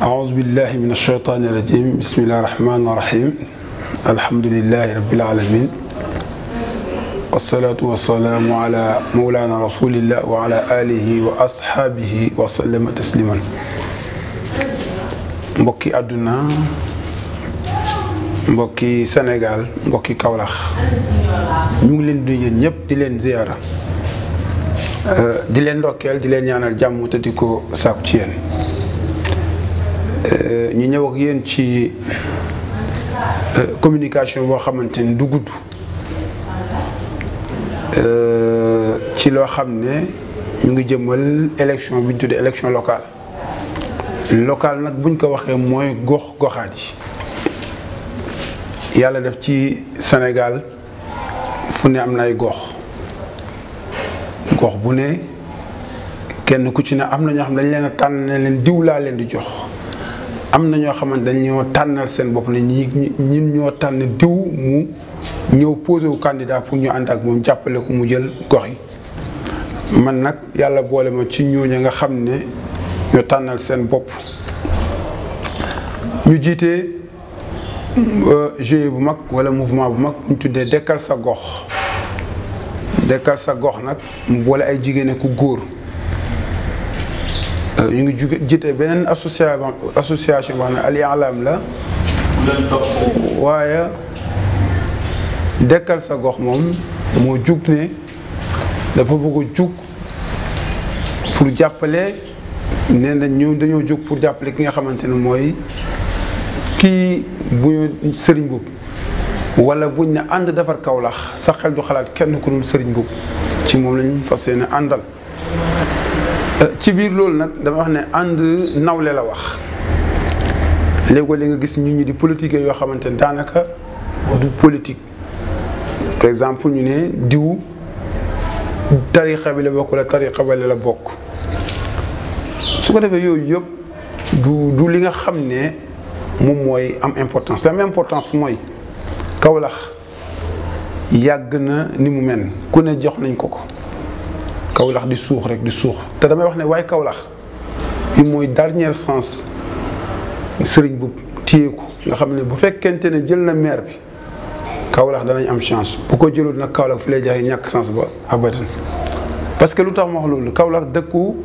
أعوذ بالله من الشيطان الرجيم بسم الله الرحمن الرحيم الحمد لله رب العالمين والصلاة والسلام على مولانا رسول الله وعلى آله وأصحابه وسلم تسليما mbokki àdduna mbokki Sénégal mbokki Kaolack ñu ngi leen di yéen ñëpp di leen ziyaara di leen ndokkeel di leen ñaanal jàmm te di ko sàkku ci yéen Euh, ñu ñëw ak yéen ci euh, communication boo xamante ni du gudd euh, ci loo xam ne mu ngi jëmal élection bi ñu tuddee élection locale locale nag buñ ko waxee mooy gox goxaat yi yàlla def ci Sénégal fu ne am na ay gox gox bu ne kenn ku ci ne am na ñoo xam dañ leen a tànn na leen diw laa leen di jox am na ñoo xamante dañoo tànnal seen bopp ñii ñi ñun ñoo tànn diw mu ñëw posé wu candidat pour ñu ànd ak moom jàppale ko mu jël gox yi man nag yàlla boole ma ci ñooñu nga xam ne ñoo tànnal seen bopp ñu jiite euh, GIE bu mag wala mouvement bu mag ñu tuddee dekkal sa gox dekkal sa gox nag mu boole ay jigéen ku góor Euh, ñu ngi juge jiite beneen association association boo xam ne Al I'lam la waaye dekkal sa gox moom moo jug ne dafa bugg a jug pour jàppale nee na ñu dañoo jug pour jàppale ki nga xamante ne mooy kii bu ñu sëriñ Mbuub wala buñ ne ànd defar Kawlax sa xel du xalaat kenn ku dul sëriñ Mbuub ci moom lañu fas yéene àndal ci biir loolu nag dama wax ne ànd nawle la wax léegoo li nga gis nit ñi di politique yoo xamante ne daanaka du politique par exemple ñu ne diw tariqa bi la bokk la tariqa ba la bokk su ko defee yooyu yëpp du du li nga xam ne moom mooy am importance la am importance mooy Kawlax yàgg na ni mu mel ku ne jox nañ ko ko Kaolack di suux rek di suux te damay wax ne waaye Kaolack bi mooy dernier sens sëriñ bu téye ko nga xam ne bu fekkente ne jël na maire bi Kaolack danañ am chance bu ko jëlul nag Kaolack fi lay jaxe ñàkk chance ba abatan parce que lu tax ma wax loolu Kaolack dëkku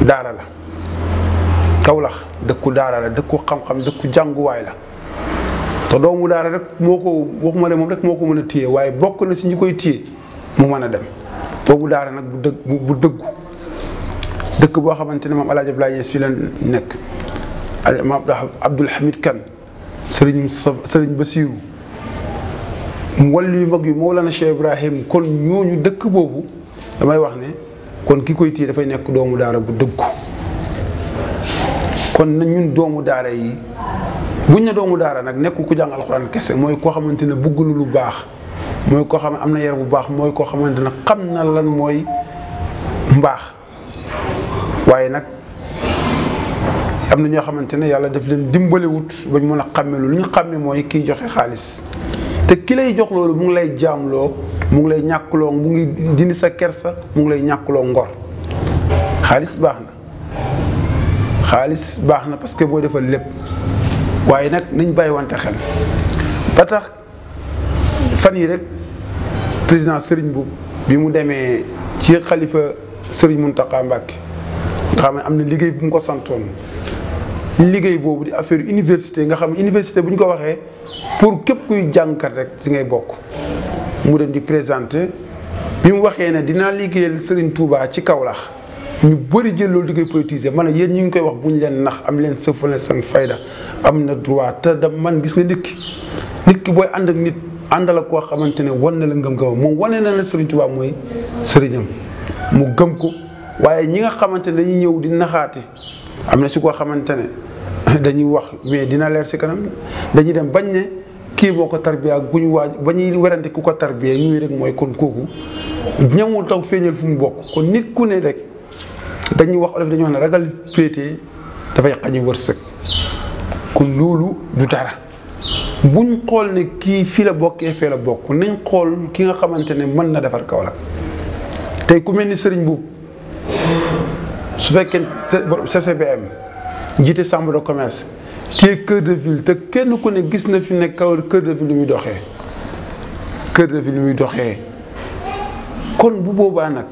daara la Kaolack dëkku daara la dëkku xam-xam dëkku jànguwaay la te doomu daara rek moo ko waxuma ne moom rek moo ko mën a téye waaye bokk na si ñu koy téye mu mën a dem doomu daara nag bu dëgg dëggu dëkk boo xamante ne moom El Hadj Abdoulaye Niass la nekk maam Abdoul kan sëriñ Serigne Serigne Bassirou mu wàllu yu mag yu Mawlana Cheikh Ibrahim kon ñooñu dëkk boobu damay wax ne kon ki koy tii dafay nekk doomu daara bu dëggu kon na ñun doomu daara yi buñ ne doomu daara nag nekkul ku jàng alxuraan kese mooy koo xamante ne bëgg lu baax. mooy koo xam ne am na yar bu baax mooy koo xamante na xam na lan mooy mbaax waaye nag am na ñoo xamante ne yàlla daf leen dimbalewut bañ ñu mën a xàmme lu ñu xàmme mooy kiy joxe xaalis te ki lay jox loolu mu ngi lay jaamloo mu ngi lay ñàkkloo mu ngi dindi sa kersa mu ngi lay ñàkkloo ngor xaalis baax na xaalis baax na parce que boo defal lépp waaye nag nañ bàyyi bàyyiwante xel fan yi rek président Serigne Mboup bi mu demee ci xalifa Serigne Mountakha Mbacké nga xam ne am na liggéey bu mu ko santoon liggéey boobu di affaire université nga xam ne université bu ñu ko waxee pour képp kuy jàngkat rek si ngay bokk mu dem di présenté bi mu waxee ne dinaa liggéeyal Serigne Touba ci Kaolack ñu bëri jël loolu di koy politiser man yéen ñu ngi koy wax bu ñu leen nax am leen sëfale seen fayda am na droit te da man gis nga nit ki àndal ak koo xamante ne wan na la ngëm-ngëmam moom wane na la Serigne Touba mooy sëriñam mu gëm ko waaye ñi nga xamante ne dañuy ñëw di naxaati am na si koo xamante ne dañuy wax mais dina leer si kanam dañuy dem bañ ne kii boo ko tarbiya ku ñu waaj ba ñuy werante ku ko tarbiya ñuy rek mooy kon kooku ñamul taw feeñal fu mu bokk kon nit ku ne rek dañuy wax olof dañuy wax ne ragal péete dafay xañu wërsëg kon loolu du dara. buñ xool ne kii fii la bokkee fee la bokk nañ xool ki nga xamante ne mën na defar Kaolack tey ku mel ni sëriñ Mboup su fekkee CCBM jiite chambre de commerce kii cœur de ville te kenn ku ne gis na fi ne Kaolack cœur de ville muy doxee cœur de ville lu muy doxee kon bu boobaa nag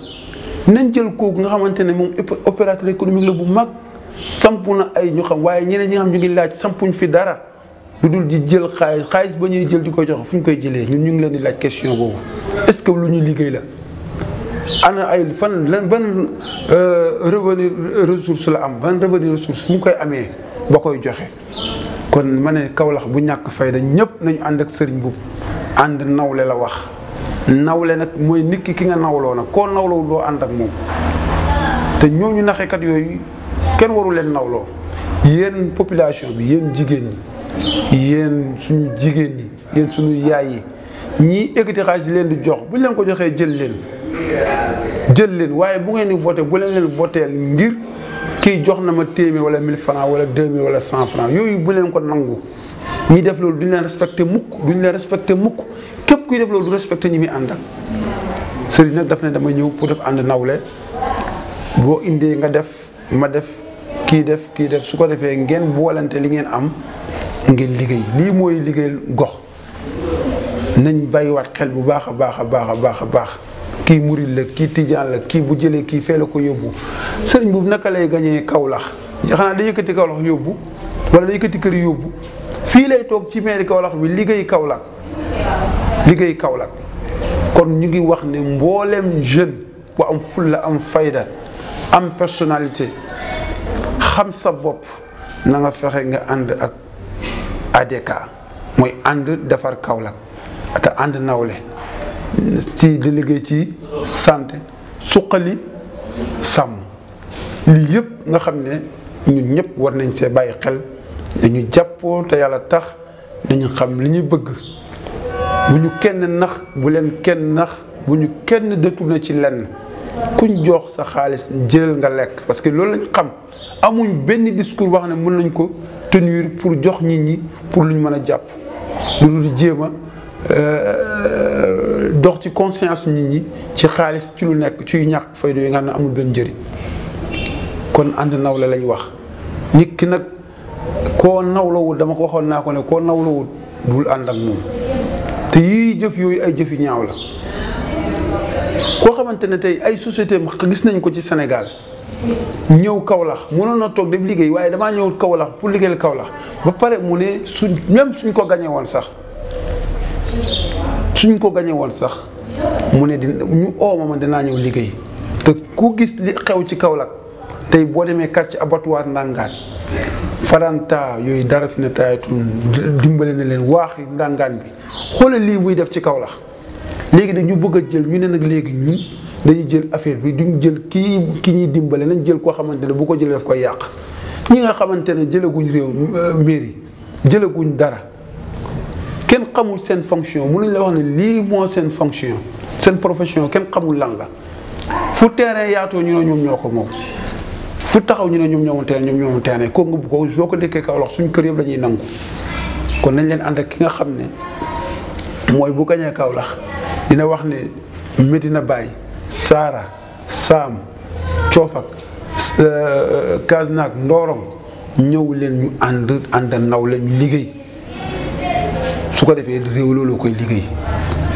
nañ jël kooku nga xamante ne moom opérateur économique la bu mag sampu na ay ñu xam waaye ñeneen ñi xam ñu ngi laaj sampuñ fi dara. lu dul di jël xaalis xaalis ba ñuy jël di ko jox fu ñu koy jëlee ñun ñu ngi leen di laaj question boobu est-ce que lu ñu liggéey la ana ay fan lan ban euh, revenu ressource la am ban revenu ressource fu mu koy amee ba koy joxe kon ma ne Kaolack bu ñàkk fayda ñëpp nañu ànd ak sëriñ bu ànd nawle la wax nawle nag mooy nit ki ki nga nawloo nag koo nawloo doo ànd ak moom te ñooñu naxekat yooyu kenn waru leen nawloo yéen population bi yéen jigéen ñi yéen suñu jigéen ñi yéen suñu yaay yi ñii ekkati xaalis leen di jox bu ñu leen ko joxee jël leen jël leen waaye bu ngeen di voté bu leen leen voteel ngir kii jox na ma téeméer wala 1000 francs wala 2000 wala 100 francs yooyu bu leen ko nangu ñi def loolu duñ leen respecté mukk duñ leen respecté mukk képp kuy def loolu du respecté ñi muy àndal sëriñ nag daf ne dama ñëw pour def ànd nawle boo indee nga def ma def kii def kii def su ko defee ngeen boolante li ngeen am ngeen liggéey lii mooy liggéey gox nañ waat xel bu baax a baax a baax a baax a baax kii murid la kii tijaan la kii bu jëlee kii fee ko yóbbu sëriñ boobu naka lay gañee kawlax xanaa day yëkkati Kaolack yóbbu wala day yëkkati kër yóbbu fii lay toog ci meeri Kaolack bi liggéey Kaolack liggéey Kaolack kon ñu ngi wax ne mboolem jeune bu am fulla am fayda am personnalité xam sa bopp na nga fexe nga ànd ak ADK mooy ànd defar Kaolack te ànd nawle ci di liggéey ci santé suqali sàmm lii yëpp nga xam ne ñu ñëpp war nañ see bàyyi xel dañu jàppoo te yàlla tax dañu xam li ñuy bëgg bu ñu kenn nax bu leen kenn nax bu ñu kenn na ci lenn kuñ jox sa xaalis jël nga lekk parce que loolu lañ xam amuñ benn discours wax ne mën nañ ko tenir pour jox nit ñi pour lu luñ mën a jàpp lu dul jéem a euh, dox ci conscience nit ñi ci xaalis ci lu nekk ciy ñàkk fayda yi nga xam ne amul benn njëriñ kon ànd la lañ wax nit ki nag koo nawlawul dama ko waxoon naa ko ne koo nawlawul bul ànd ak moom te yii jëf yooyu ay jëfi ñaaw la koo xamante ne tey ay société gis nañ ko ci senegal ñëw Kaolack mënoon na toog def liggéey waaye damaa ñëw Kaolack pour liggéeyal Kaolack ba pare mu ne suñ même suñ ko gañe woon sax suñ ko gañe woon sax mu ne di ñu ooma dinaa ñëw liggéey te ku gis li xew ci Kaolack tey boo demee quartier abattoir ndàngaan faranta yooyu dara fi ne taayatul dimbale na leen waax waaxi ndàngaan bi xoolal lii buy def ci Kaolack léegi nag ñu bëgg a jël ñu ne nag léegi ñun dañuy jël affaire bi duñu jël kii kii ñuy dimbale nañ jël koo xamante ne bu ko jëlee daf koy yàq ñi nga xamante ne jëlaguñ réew euh, mairie jëlaguñ dara kenn xamul seen fonction mënuñ la wax ne lii moo seen fonction seen profession kenn xamul lan la fu terrain yaatoo ñu ne ñoom ñoo ko moom fu taxaw ñu ne ñoom ñoomu terrain ñoom ñoomu terrain ko nga ko soo ko dëkkee Kaolack suñ kër yëpp la ñuy nangu kon nañ leen ànd ak ki nga xam ne mooy bu gañee kaw lax dina wax ne Medina Baye Saara Saam Coofak euh, Kasnaak Ndorong ñëw leen ñu ànd ànd naw ñu liggéey su ko defee réew loolu koy liggéey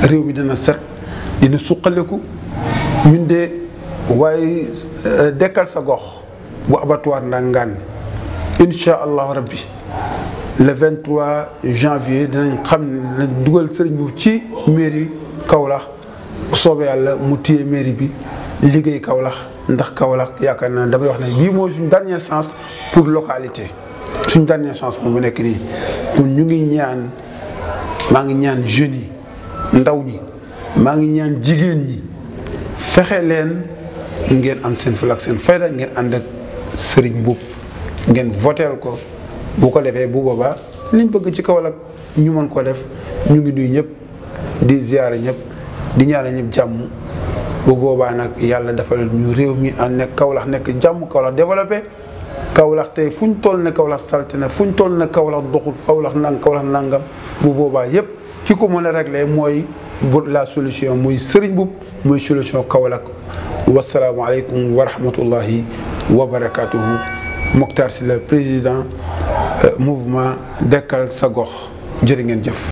réew mi dana set dina suqaleku ñun de waaye euh, dekkal sa gox bu abattoir Ndangaan incha allahu rabbi le 23 janvier dinañ xam ne dugal sëriñ bi ci mairie kawlax soobe soobee yàlla mu téye mairie bi liggéey Kaolack ndax Kaolack yaakaar naa damay wax ne bii mooy suñu dernière chance pour localité suñ dernière chance moom mu nekk nii pour ñu ngi ñaan maa ngi ñaan jeunes yi ndaw ñi maa ngi ñaan jigéen ñi fexe leen ngeen am seen fulla ak seen fayda ngeen ànd ak sëriñ Mboup ngeen voteel ko bu ko defee bu boobaa liñ bëgg ci Kaolack ñu mën ko def ñu ngi nuyu ñëpp. di ziare ñëpp di ñaare ñëpp jàmm bu boobaa nag yàlla defal ñu réew mi ànd nekk Kaolack nekk jàmm Kaolack développé Kaolack tey fu ñu toll ne Kaolack salte na fu ñu toll ne Kaolack doxul Kaolack nang Kaolack nangam bu boobaa yëpp ki ko mën a réglé mooy la solution muy Serigne Mboup muy solution Kaolack wasalaamualeykum wa rahmatullahi wa barakatuhu si Sylla président euh, mouvement Dekkal sa gox jërë ngeen jëf